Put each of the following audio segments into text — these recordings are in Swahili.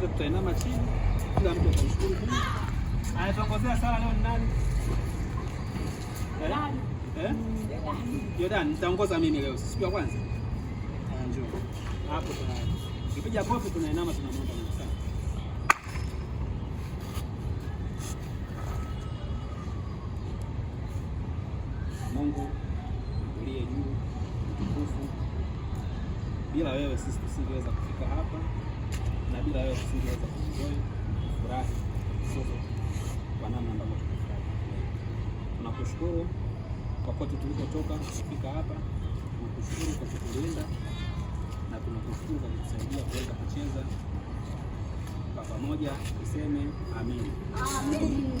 sote tutainama chini, kila mtu atamshukuru Mungu. Anatongozea sala leo ni nani? Jordan, eh? Eh? nitaongoza mimi leo. Siku ya kwanza. Haya Hapo tuna. kofi tunainama tunamwomba Mungu sana. Mungu uliye juu mtukufu, bila wewe sisi tusingeweza kufika hapa na bila wewe usingeweza kuenjoy furahi sote kwa namna ambavyo tumefurahi. Tunakushukuru kwa kote tulikotoka kufika hapa, tunakushukuru kwa kutulinda na tunakushukuru kwa kutusaidia kuweza kucheza kwa pamoja. Tuseme amin, amin. Ah,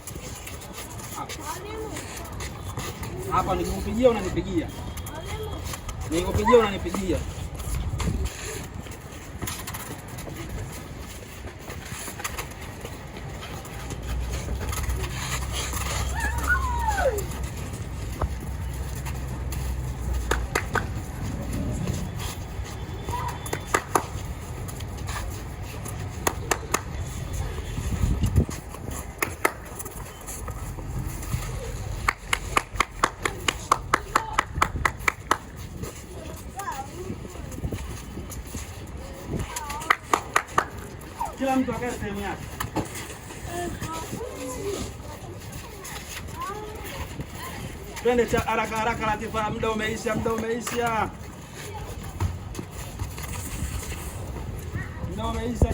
hapa hapa, nikikupigia unanipigia, nikupigia unanipigia. kila mtu akae sehemu yake. Twende cha haraka haraka, Latifa, muda umeisha, muda umeisha, muda umeisha.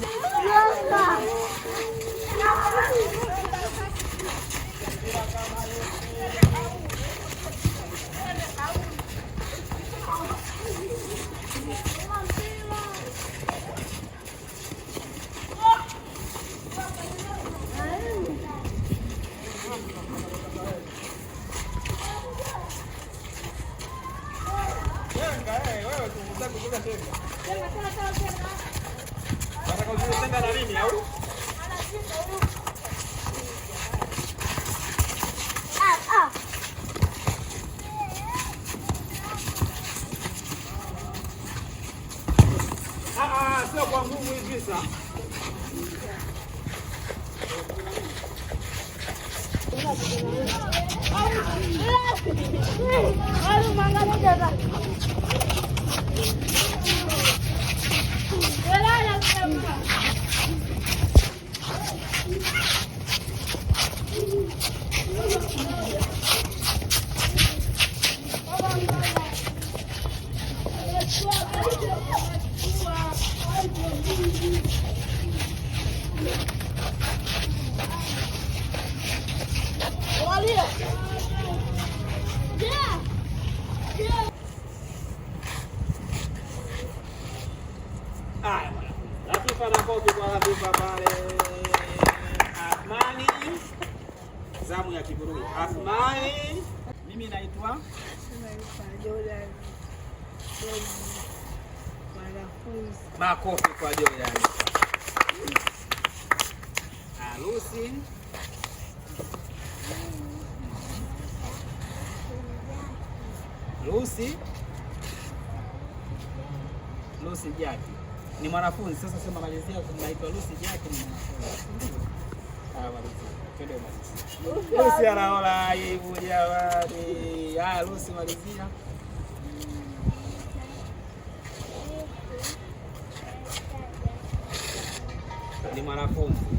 啊啊！啊啊！这光顾规矩了。Hadi mangala da. Zamu ya kiburu. Mimi naitwa makofi kwa Jordan. Harusi Lucy Lucy Jack ni mwanafunzi sasa, sema malizia, naitwa Lucy Jack ni mwanafunzi Lucy anaola aibu jamani. Haya, Lucy malizia. Ni mwanafunzi